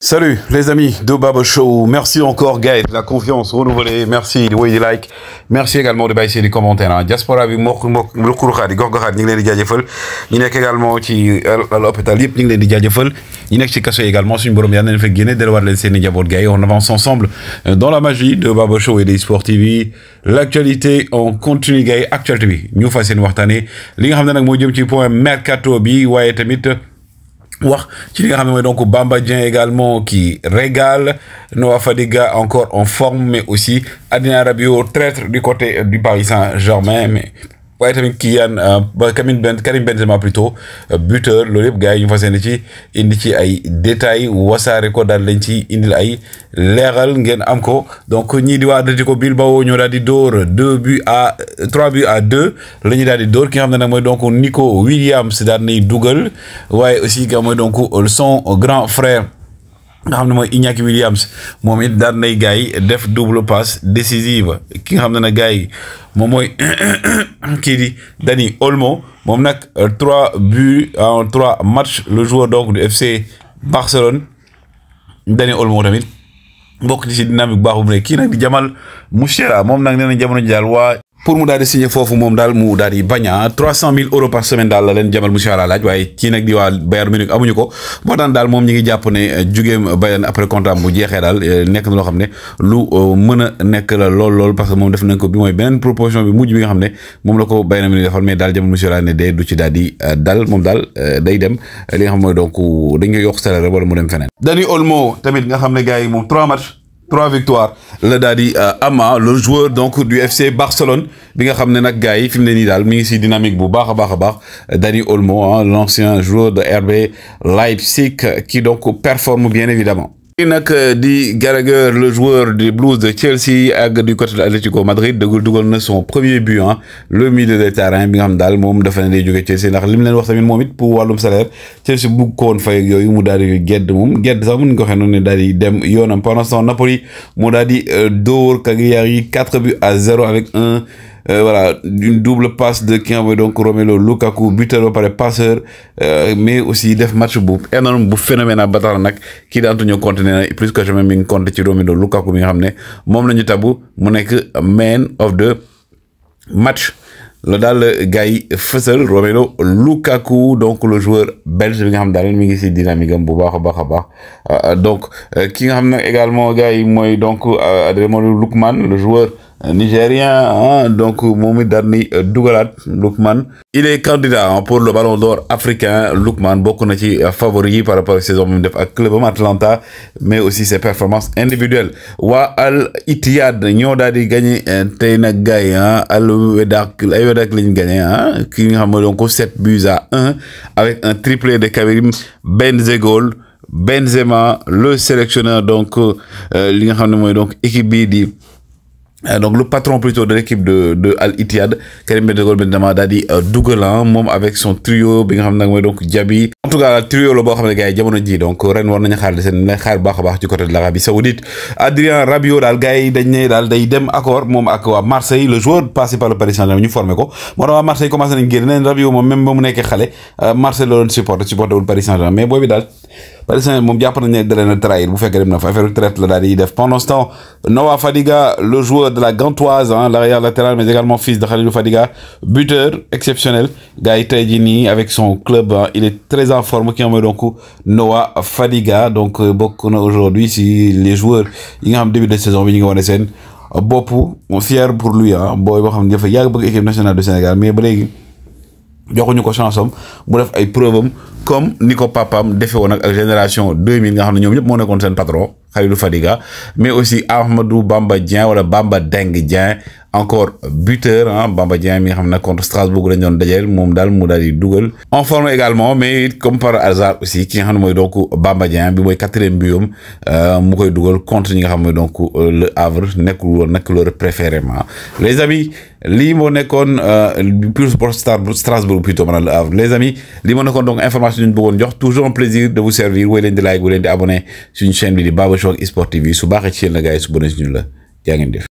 Salut les amis de Babo Show, merci encore Gaël, la confiance renouvelée, merci du way like, merci également de baisser les commentaires. Hein. diaspora bi mbokk mbokk lukkuru xaat yi gox goxaat ñu ngi leen di jaajëfal ñu nekk également ci euh, l'hôpital yëpp ñu ngi leen di jaajëfal ñu nekk ci kaso également suñu borom yal na leen fekk génne delluwaat leen seen i njaboot on avance ensemble euh, dans la magie de Babo Show et des Sport TV l'actualité on continue Gaël actualité bi ñu fas yéene waxtaanee li nga xam ne nag moo jëm ci point mercato bi waaye tamit wax ci nga donc Bamba Dieng également qui régale Noah Fadiga encore en forme mais aussi Adrien Rabiot traître du côté du Paris Saint-Germain waaye tamit Kylian euh, ba Karim Ben Karim Benzema plutôt euh, buteur loolu yëpp gars yi ñu fas yéene ci indi ci ay détails wasaare ko daal lañ ci indil ay leeral ngeen am ko donc ñii di waa Atletico Bilbao ñoo daal di dóor deux buts à trois buts à deux la ñuy daal di door ki nga xam ne nag mooy donc Nico Williams daal nay dugal waaye aussi nga mooy donc son grand frère. nga xam ne mooy Iñaki Williams moom it daan nay gars yi def double passe décisive ki nga xam ne na gars yi moom mooy kii di Dani Olmo moom nag trois buts en trois matchs le joueur donc du FC Barcelone Dani Olmo tamit mbokk ci si dynamique baax bu mu ne kii nag di Jamal Musiala moom nag nee na jamono ji waa pour mu daal di signé foofu moom daal mu par semaine daal la leen Jamal Musiala laaj waaye ci nag di waa Bayern Munich amuñu ko moo eh, eh, ko bi tamit nga xam ne gars yi moom 3 matchs. trois victoires le Dadi euh, le joueur donc du FC Barcelone bi nga xamné nak gaay fi dynamique bu baax Olmo hein, l'ancien joueur de RB Leipzig qui donc performe bien évidemment i euh, di Gallagher le joueur des Blues de Chelsea ak du côté de l'Atlético Madrid de dugal na son premier but hein. le milieu de terrain bi nga xam daal moom dafa ne Chelsea ndax li Mohamed, wax tamit momit pour walum salaire Chelsea bugg ko woon fay yooyu mu daal di gedd moom gedd sax nga ko waxee noonu ne di dem yonam pendant ce Napoli mu d'or. di euh, dóor Cagliari 4 buts à 0 avec 1. Euh, voilà, une double passe de qui envoie donc Romelo Lukaku, buteur par les passeurs, euh, mais aussi def match bu énorme bu phénomène à battre nak qui d'Antonio Conte et plus que jamais mi compte ci Romelo Lukaku mi xamné mom lañu tabu mu nek man of the match le dal le yi Romelu Lukaku donc le joueur belge bi nga xam dal mi ngi ci dynamique bu a baax euh, donc nga également gars moy donc Adrien Lukman le joueur nigérien hein, donc Momi Darni euh, Dougalat Lukman il est candidat hein, pour le ballon d'or africain Lukman beaucoup na ci euh, favori par rapport à saison même de club Atlanta mais aussi ses performances individuelles Wa Al itiyad ñoo daal di gagné un euh, gay hein Al Wedak ay Wedak liñ gagné hein ki nga xam donc 7 buts à 1 avec un triplé de Karim Benzegol Benzema le sélectionneur donc li nga xam donc équipe bi di. Euh, donc le patron plutôt de l'équipe de de Al Ittihad Karim Benzema Benzema a dit euh, Douglan, hein, avec son trio bi nga donc Diaby en tout cas le trio le bon gars jamono ji donc ren war nañu le sen seen xaar bax côté de l'Arabie Saoudite Adrien Rabiot dal gars dañ né dal day dem accord mom ak Marseille le joueur passé par le Paris Saint-Germain ñu formé ko moo Marseille commencé nañ guer né Rabiot mom même ba mu nekkee xale euh, Marseille le support, supporté le de Paris Saint-Germain mais bi dal par exemple germain moom jàpp nañ ne da il trahir bu traite la def pendant ce temps Noah Fadiga le joueur de la Gantoise hein, l'arrière latéral mais également fils de Khalilou Fadiga buteur exceptionnel Gaïta avec son club hein, il est très en forme qui en donc Noah Fadiga donc euh, beaucoup aujourd'hui si les joueurs ils ont début de saison bi vont ngi Beaucoup, on est fier pour lui Il hein. il boo xam équipe nationale du Sénégal mais joxuñu ko chance am mu def ay preuve am comme ni ko papaam defe woon ak génération 2000 nga xam ne ñoom ñëpp moo nekkoon seen patron Khalilou Fadiga mais aussi Ahmadou Bamba Dieng wala Bamba Deng Dieng encore buteur hein Bamba Dieng mi contre Strasbourg la doon dajeel mom dal mu dal di en forme également mais comme par hasard aussi ki xam donc Bamba Dieng bi mooy quatrième biom euh, mu koy dugal contre ñi nga xam moy donc euh, le Havre nekkul woon leur préféré les amis mo moo euh plus pour Strasbourg plutôt maanaam le Havre les amis li mo nekkoon donc information ñu bëggon jox toujours un plaisir de vous servir wéy leen di like wéy leen di sur une chaîne bi di Baba Shock ak eSport TV su baax ci la gars yi su bonee suñu la jaa def